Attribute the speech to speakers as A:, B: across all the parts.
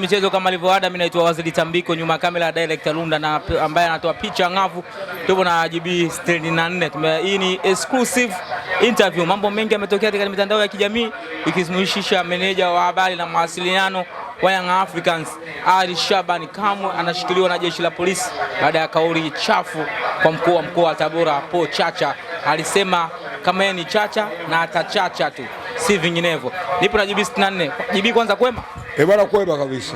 A: na michezo kama alivyo ada, mimi naitwa Wazili Tambiko, nyuma kamera ya director Lunda na ambaye anatoa picha ngavu. Tupo na GB 64. Hii ni exclusive interview. Mambo mengi yametokea katika mitandao ya kijamii ikizungushisha meneja wa habari na mawasiliano wa Young Africans Ali Shaban Kamwe anashikiliwa na jeshi la polisi baada ya kauli chafu kwa mkuu wa mkoa wa Tabora Po Chacha. Alisema kama yeye ni Chacha na atachacha tu, si vinginevyo. Nipo na GB 64. GB, kwanza kwema
B: E bwana, kwema kabisa.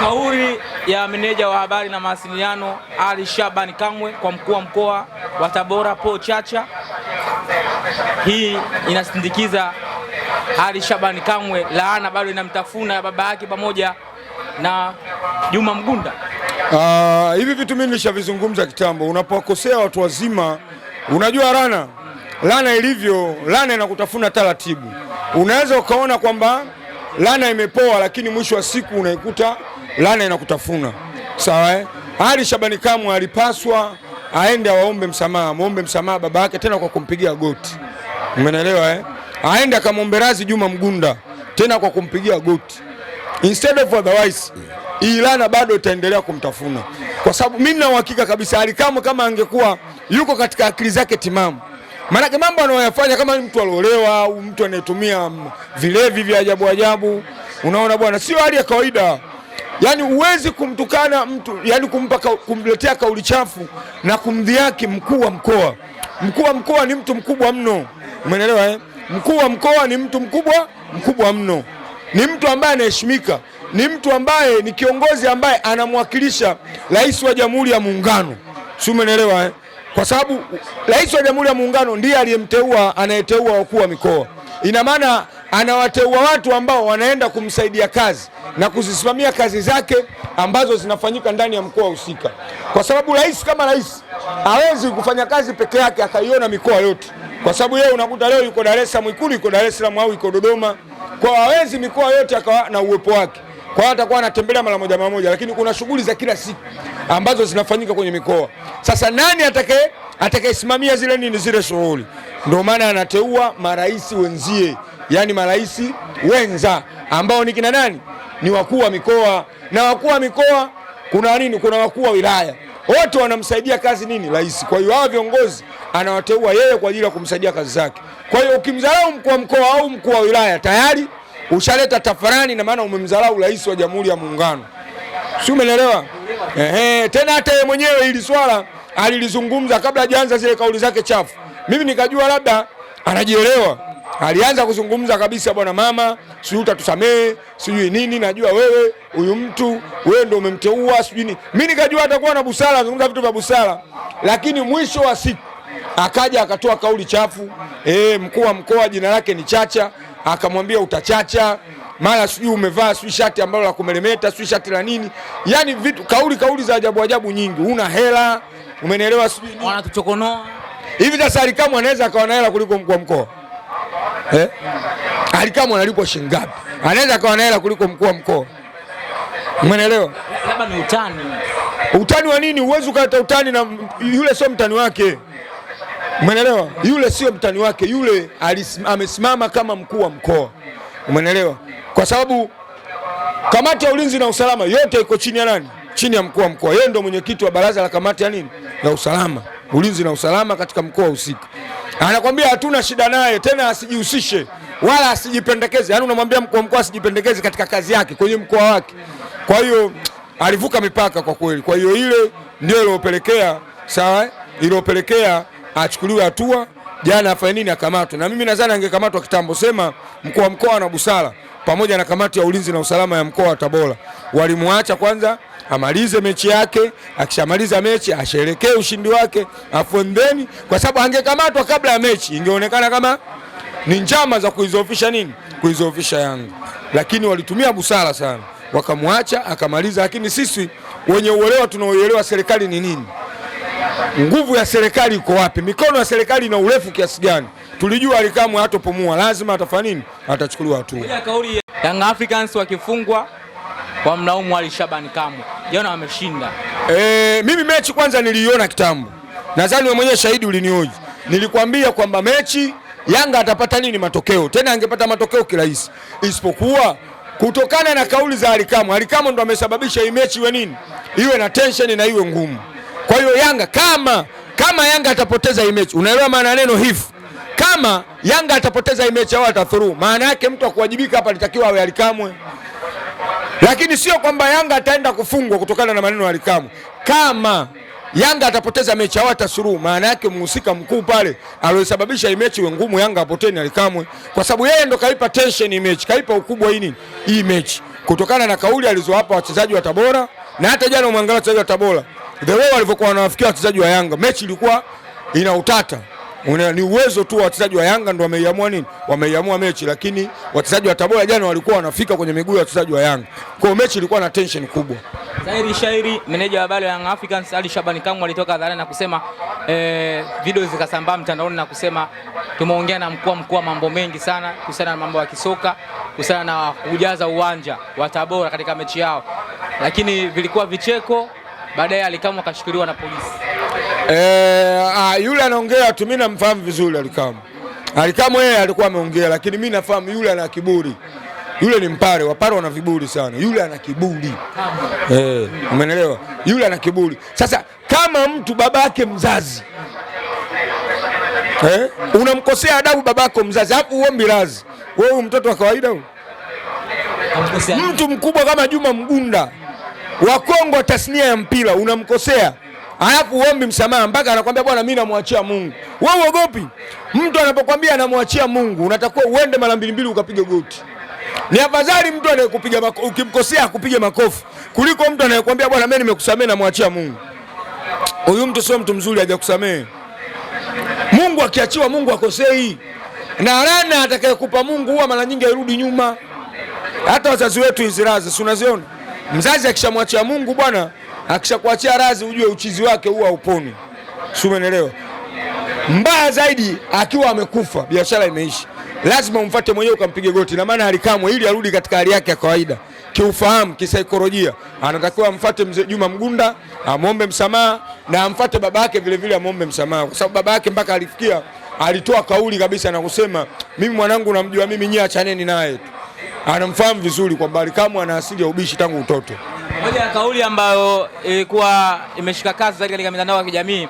A: Kauli ya meneja wa habari na mawasiliano Ali Shabani Kamwe kwa mkuu wa mkoa wa Tabora Paul Chacha, hii inasindikiza Ali Shabani Kamwe, laana bado inamtafuna ya baba yake pamoja na Juma Mgunda.
B: Uh, hivi vitu mimi nilishavizungumza kitambo, unapokosea watu wazima, unajua rana lana ilivyo, lana inakutafuna taratibu. Unaweza ukaona kwamba lana imepoa, lakini mwisho wa siku unaikuta lana inakutafuna. Sawa eh? Ali Shabani Kamwe alipaswa aende awaombe msamaha, muombe msamaha baba yake tena kwa kumpigia goti, umeelewa eh? Aende akamwombe razi Juma Mgunda tena kwa kumpigia goti instead of otherwise hii lana bado itaendelea kumtafuna, kwa sababu mimi na uhakika kabisa alikamwe Kamwe kama angekuwa yuko katika akili zake timamu Maanake mambo anayoyafanya kama mtu aliolewa au mtu anayetumia vilevi vya ajabu ajabu, unaona bwana, sio hali ya kawaida. Yaani huwezi kumtukana mtu, yani kumpa kumletea kauli chafu na kumdhiaki mkuu wa mkoa. Mkuu wa mkoa ni mtu mkubwa mno, umeelewa eh? Mkuu wa mkoa ni mtu mkubwa mkubwa mno, ni mtu ambaye anaheshimika, ni mtu ambaye ni kiongozi ambaye anamwakilisha rais wa Jamhuri ya Muungano, si umeelewa eh? kwa sababu Rais wa Jamhuri ya Muungano ndiye aliyemteua anayeteua wakuu wa mikoa. Ina maana anawateua watu ambao wanaenda kumsaidia kazi na kuzisimamia kazi zake ambazo zinafanyika ndani ya mkoa husika, kwa sababu rais kama rais hawezi kufanya kazi peke yake akaiona mikoa yote, kwa sababu yeye unakuta leo yuko Dar es Salaam, Ikulu yuko Dar es Salaam au yuko Dodoma, kwa hawezi mikoa yote akawa na uwepo wake. Kwa hiyo atakuwa anatembelea mara moja mara moja, lakini kuna shughuli za kila siku ambazo zinafanyika kwenye mikoa. Sasa nani atakaye atakayesimamia zile nini zile shughuli? Ndio maana anateua marais wenzie, yani marais wenza ambao ni kina nani? Ni wakuu wa mikoa, na wakuu wa mikoa kuna nini? Kuna wakuu wa wilaya wote wanamsaidia kazi nini rais. Kwa hiyo hao viongozi anawateua yeye kwa ajili ya kumsaidia kazi zake. Kwa hiyo ukimdharau mkuu wa mkoa au mkuu wa wilaya tayari Ushaleta tafarani na maana umemdharau rais wa Jamhuri ya Muungano, si umeelewa? Ehe, tena hata yeye mwenyewe ili swala alilizungumza kabla hajaanza zile kauli zake chafu. Mimi nikajua labda anajielewa, alianza kuzungumza kabisa, bwana mama, sijui utatusamehe, sijui nini, najua wewe huyu mtu wewe ndio umemteua, sijui nini. Mimi nikajua atakuwa na busara, zungumza vitu vya busara, lakini mwisho wa siku akaja akatoa kauli chafu. E, mkuu wa mkoa jina lake ni Chacha akamwambia utachacha, mara sijui umevaa sijui shati ambalo la kumelemeta sijui shati la nini, yani vitu kauli kauli za ajabu ajabu nyingi, una hela, umenielewa? Sijui
A: wanatuchokonoa
B: hivi. Sasa Alikamwe anaweza akawa na hela kuliko mkuu wa mkoa eh? Alikamwe analipwa shilingi ngapi? Anaweza akawa na hela kuliko mkuu wa mkoa, umenielewa?
A: Labda ni utani.
B: Utani wa nini? uwezi ukaleta utani na yule, sio mtani wake. Umenelewa? Yule sio mtani wake, yule amesimama kama mkuu wa mkoa. Umenelewa? Kwa sababu kamati ya ulinzi na usalama yote iko chini ya nani? Chini ya mkuu wa mkoa. Yeye ndo mwenyekiti wa baraza la kamati ya nini? Ya usalama, ulinzi na usalama katika mkoa husika. Anakwambia hatuna shida naye, tena asijihusishe wala asijipendekeze. Yaani unamwambia mkuu wa mkoa asijipendekeze katika kazi yake kwenye mkoa wake. Kwa hiyo alivuka mipaka kwa kweli. Kwa hiyo ile ndio iliyopelekea sawa, eh? iliyopelekea achukuliwe hatua, jana afanye nini, akamatwe. Na mimi nadhani angekamatwa kitambo. Sema mkuu wa mkoa na busara pamoja na kamati ya ulinzi na usalama ya mkoa wa Tabora walimwacha kwanza amalize mechi yake, akishamaliza mechi asherekee ushindi wake afondeni, kwa sababu angekamatwa kabla ya mechi ingeonekana kama ni njama za kuizoofisha nini, kuizoofisha Yanga, lakini walitumia busara sana, wakamwacha akamaliza. Lakini sisi wenye uelewa tunaoelewa serikali ni nini Nguvu ya serikali iko wapi? Mikono ya serikali ina urefu kiasi gani? Tulijua Alikamwe hatopumua, lazima atafanya nini? Atachukuliwa hatua.
A: Young Africans wakifungwa kwa mnaumu Ali Shaban Kamwe, jana wameshinda.
B: E, mimi mechi kwanza niliiona kitambo, nadhani wewe mwenyewe shahidi ulinioji, nilikwambia kwamba mechi Yanga atapata nini matokeo, tena angepata matokeo kirahisi, isipokuwa kutokana na kauli za Alikamwe. Alikamwe ndo amesababisha hii mechi iwe nini, iwe na tension na iwe ngumu. Kwa hiyo Yanga kama kama Yanga atapoteza hii mechi, unaelewa maana neno hivi, kama Yanga atapoteza hii mechi au atathuru, maana yake mtu akuwajibika hapa alitakiwa awe Alikamwe, lakini sio kwamba Yanga ataenda kufungwa kutokana na maneno ya Alikamwe. Kama Yanga atapoteza mechi au atasuru, maana yake mhusika mkuu pale aliyosababisha hii mechi iwe ngumu Yanga apoteni Alikamwe, kwa sababu yeye ndo kaipa tension hii mechi, kaipa ukubwa hii nini hii mechi, kutokana na kauli alizowapa wachezaji wa Tabora na hata jana umwangalia wachezaji wa Tabora the way walivyokuwa wanawafikia wachezaji wa Yanga, mechi ilikuwa ina utata. Ni uwezo tu wa wachezaji wa Yanga ndio wameiamua nini, wameiamua mechi, lakini wachezaji wa Tabora jana walikuwa wanafika kwenye miguu ya wachezaji wa Yanga, kwa hiyo mechi ilikuwa na tension kubwa.
A: Zairi shairi, meneja wa bale Young Africans Ali Shabani Kamwe alitoka hadharani na kusema eh, video zikasambaa mtandaoni na kusema tumeongea na mkuu mkuu mambo mengi sana kuhusiana na mambo ya kisoka kuhusiana na kujaza uwanja wa Tabora katika mechi yao, lakini vilikuwa vicheko baadaye Alikamwe akashikiliwa na polisi.
B: Eh, ah, yule anaongea tu, mimi namfahamu vizuri Alikamwe. Alikamwe yeye alikuwa ameongea, lakini mimi nafahamu yule ana kiburi, yule ni mpare, wapare wana viburi sana, yule ana kiburi e, umeelewa? Yule ana kiburi. Sasa kama mtu babake mzazi Eh, unamkosea adabu babako mzazi hapo, uombi lazi wewe, mtoto wa kawaida mtu mkubwa kama Juma Mgunda Wakongwa tasnia ya mpira unamkosea, alafu uombi msamaha mpaka anakwambia bwana, mimi namwachia Mungu. Wewe uogopi? Mtu anapokwambia anamwachia Mungu, unatakiwa uende mara mbili mbili ukapige goti. Ni afadhali mtu anayekupiga ukimkosea akupige makofi kuliko mtu anayekwambia bwana, mimi nimekusamea, namwachia Mungu. Huyu mtu sio mtu mzuri, hajakusamea Mungu. Akiachiwa Mungu akosei, na laana atakayekupa Mungu huwa mara nyingi hairudi nyuma. Hata wazazi wetu hizi razi si unaziona? Mzazi akishamwachia Mungu bwana, akishakuachia radhi, ujue uchizi wake huwa uponi, si umeelewa? Mbaya zaidi akiwa amekufa, biashara imeisha, lazima umfate mwenyewe ukampige goti na maana alikamwe, ili arudi katika hali yake ya kawaida kiufahamu, kisaikolojia, anatakiwa amfate mzee Juma Mgunda amwombe msamaha na amfate baba yake vile vile amwombe msamaha, kwa sababu baba yake mpaka alifikia alitoa kauli kabisa na kusema mimi mwanangu namjua mimi, nyie achaneni naye. tu anamfahamu vizuri kwamba Alikamwe ana asili ya ubishi tangu utoto.
A: Moja ya kauli ambayo ilikuwa imeshika kasi zaidi katika mitandao ya kijamii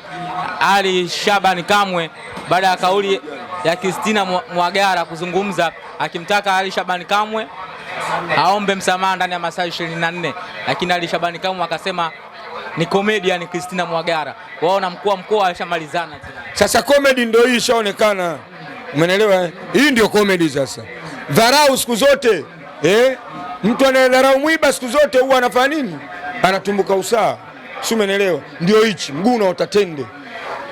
A: Ali Shabani Kamwe baada ya kauli ya Kristina Mwagara kuzungumza akimtaka Ali Shabani Kamwe aombe msamaha ndani ya masaa 24, lakini Ali Shabani Kamwe akasema ni comedian Kristina Mwagara wao na mkuu mkuu alishamalizana.
B: Sasa comedy ndio hii ishaonekana, umeelewa? Hii ndio comedy sasa dharau siku zote eh? Mtu anayedharau mwiba siku zote huwa anafanya nini? Anatumbuka usaa, si umeelewa? Ndio hichi mguu unaota tende.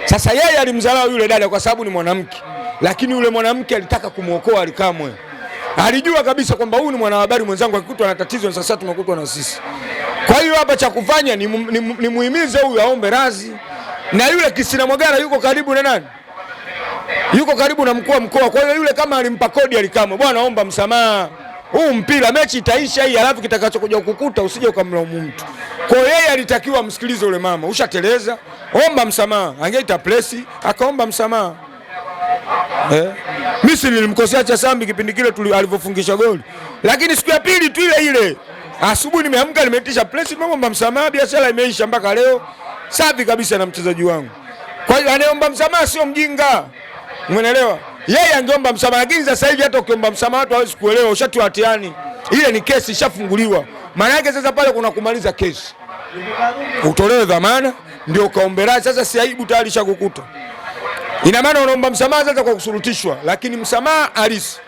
B: Sasa yeye alimdharau yule dada kwa sababu ni mwanamke, lakini yule mwanamke alitaka kumwokoa Alikamwe. Alijua kabisa kwamba huyu ni mwanahabari mwenzangu, akikutwa na tatizo sasa tumekutwa na sisi. Kwa hiyo hapa cha kufanya ni, mu, ni, ni muhimize huyu aombe radhi, na yule Kisina Mwagara yuko karibu na nani yuko karibu na mkuu wa mkoa. Kwa hiyo yule kama alimpa kodi alikamwe, bwana omba msamaha, huu mpira mechi itaisha hii, alafu kitakachokuja kukukuta usije ukamlaumu mtu. Kwa hiyo yeye alitakiwa msikilize yule mama, ushateleza, omba msamaha. Angeita presi akaomba msamaha. Eh, mimi nilimkosea cha sambi kipindi kile alivyofungisha goli, lakini siku ya pili tu ile ile asubuhi nimeamka nimeitisha presi, nimeomba msamaha, biashara imeisha mpaka leo, safi kabisa na mchezaji wangu. Kwa hiyo anayeomba msamaha sio mjinga. Umeelewa? Yeye angeomba msamaha, lakini sasa hivi hata ukiomba msamaha watu hawezi kuelewa, hatiani. Ile ni kesi ishafunguliwa, maana yake sasa pale kuna kumaliza kesi, utolewe dhamana ndio ukaombe radhi. Sasa si aibu tayari shakukuta, ina maana unaomba msamaha sasa kwa kusurutishwa, lakini msamaha halisi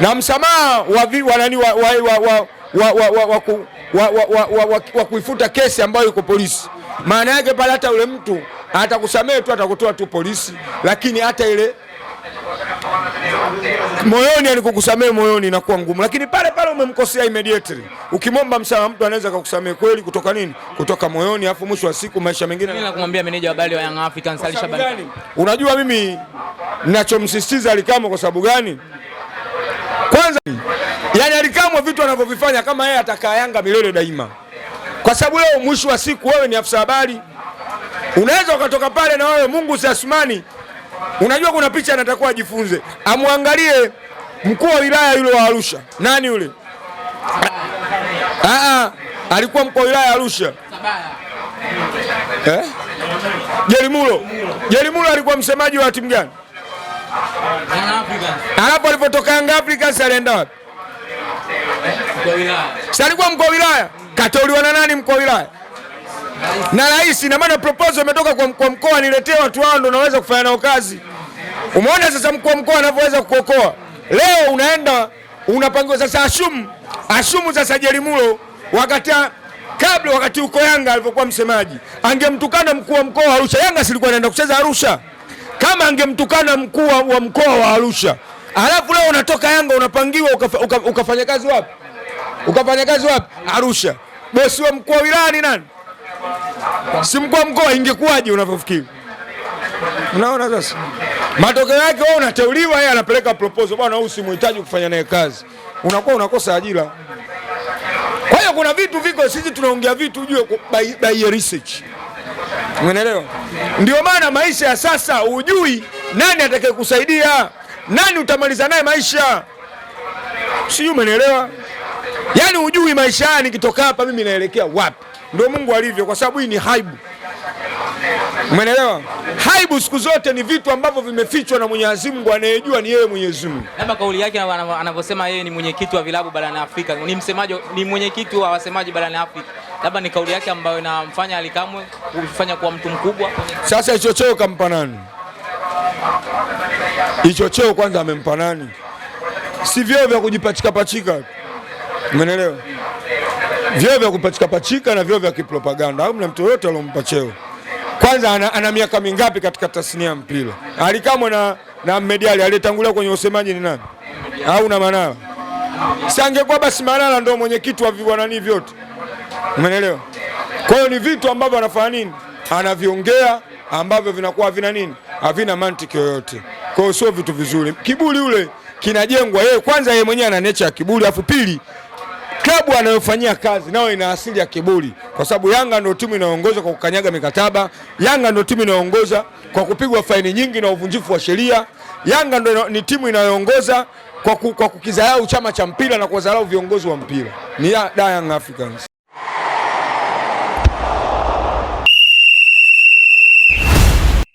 B: na msamaha wa kuifuta kesi ambayo iko polisi, maana yake pale hata yule mtu atakusamehe tu, atakutoa tu polisi, lakini hata ile moyoni alikukusamehe moyoni inakuwa ngumu, lakini pale pale umemkosea immediately, ukimwomba msamaha mtu anaweza kukusamehe kweli kutoka nini? Kutoka moyoni, alafu mwisho wa siku maisha mengine.
A: Mimi nakumwambia meneja wa bali wa Young Africans Ally Shabani, unajua mimi ninachomsisitiza Alikamwe kwa sababu gani? Kwanza yani Alikamwe vitu anavyovifanya kama yeye atakaa Yanga milele daima, kwa sababu leo mwisho wa siku wewe ni afisa habari Unaweza ukatoka pale na wewe Mungu si Asmani. Unajua kuna picha anatakuwa ajifunze, amwangalie mkuu wa wilaya yule wa Arusha, nani yule? Aa, ah, ah, alikuwa mkuu wa wilaya Arusha eh? Jerimulo, Jerimulo alikuwa msemaji wa timu gani? Alafu alipotoka Yanga Africans alienda wapi? Si alikuwa mkuu wa wilaya? Kateuliwa na nani mkuu wa wilaya? na rais, na maana proposal imetoka kwa mkoa mkoa, niletee watu wao ndio naweza kufanya nao kazi. Umeona sasa mkoa mkoa anavyoweza kuokoa. Leo unaenda unapangiwa sasa, ashumu ashumu sasa Jelimulo wakati kabla wakati uko Yanga alivyokuwa msemaji, angemtukana mkuu wa mkoa wa Arusha. Yanga silikuwa anaenda kucheza Arusha, kama angemtukana mkuu wa mkoa wa Arusha, alafu leo unatoka Yanga unapangiwa ukafanya uka, uka kazi wapi? Ukafanya kazi wapi? Arusha. Bosi wa mkuu wa wilaya ni nani? si mkuu wa mkoa, ingekuwaje unavyofikiri? Unaona sasa matokeo yake, wewe unateuliwa, yeye anapeleka proposal, bwana, huyu simuhitaji kufanya naye kazi, unakuwa unakosa ajira. Kwa hiyo kuna vitu viko, sisi tunaongea vitu ujue by, by research, umeelewa? Ndio maana maisha ya sasa ujui nani atakayekusaidia, nani utamaliza naye maisha, sijui, umeelewa? Yaani ujui maisha nikitoka hapa mimi naelekea wapi ndio Mungu alivyo, kwa sababu hii ni haibu. Umeelewa? Haibu siku zote ni vitu ambavyo vimefichwa na Mwenyezi Mungu, anayejua ni yeye Mwenyezi Mungu. Labda kauli yake anavyosema yeye ni mwenyekiti wa vilabu barani Afrika, ni msemaji, ni mwenyekiti wa wasemaji barani Afrika, labda ni kauli yake ambayo inamfanya Alikamwe kufanya kuwa mtu mkubwa.
B: Sasa hicho cheo kampa nani? Hicho cheo kwanza amempa nani? Si vyeo vya kujipachika pachika, umeelewa? vyoo vya kupachika pachika na vyoo vya kipropaganda. Hamna mtu yoyote aliyompa cheo. Kwanza ana, ana miaka mingapi katika tasnia ya mpira? Alikamwe na na Mediali aliyetangulia kwenye usemaji ni nani? Au na Manara? Si angekuwa basi Manara ndio mwenyekiti wa viwanani vyote. Umeelewa? Kwa hiyo ni vitu ambavyo anafanya nini? Anaviongea ambavyo vinakuwa havina nini? Havina mantiki yoyote. Kwa hiyo sio vitu vizuri. Kiburi ule kinajengwa yeye, kwanza yeye mwenyewe ana nature ya kiburi, afu pili klabu anayofanyia kazi nayo ina asili ya kiburi, kwa sababu Yanga ndio timu inayoongoza kwa kukanyaga mikataba. Yanga ndio timu inayoongoza kwa kupigwa faini nyingi na uvunjifu wa sheria. Yanga ndio ni timu inayoongoza kwa kukidharau chama cha mpira na kuwadharau viongozi wa mpira. Ni da Young Africans.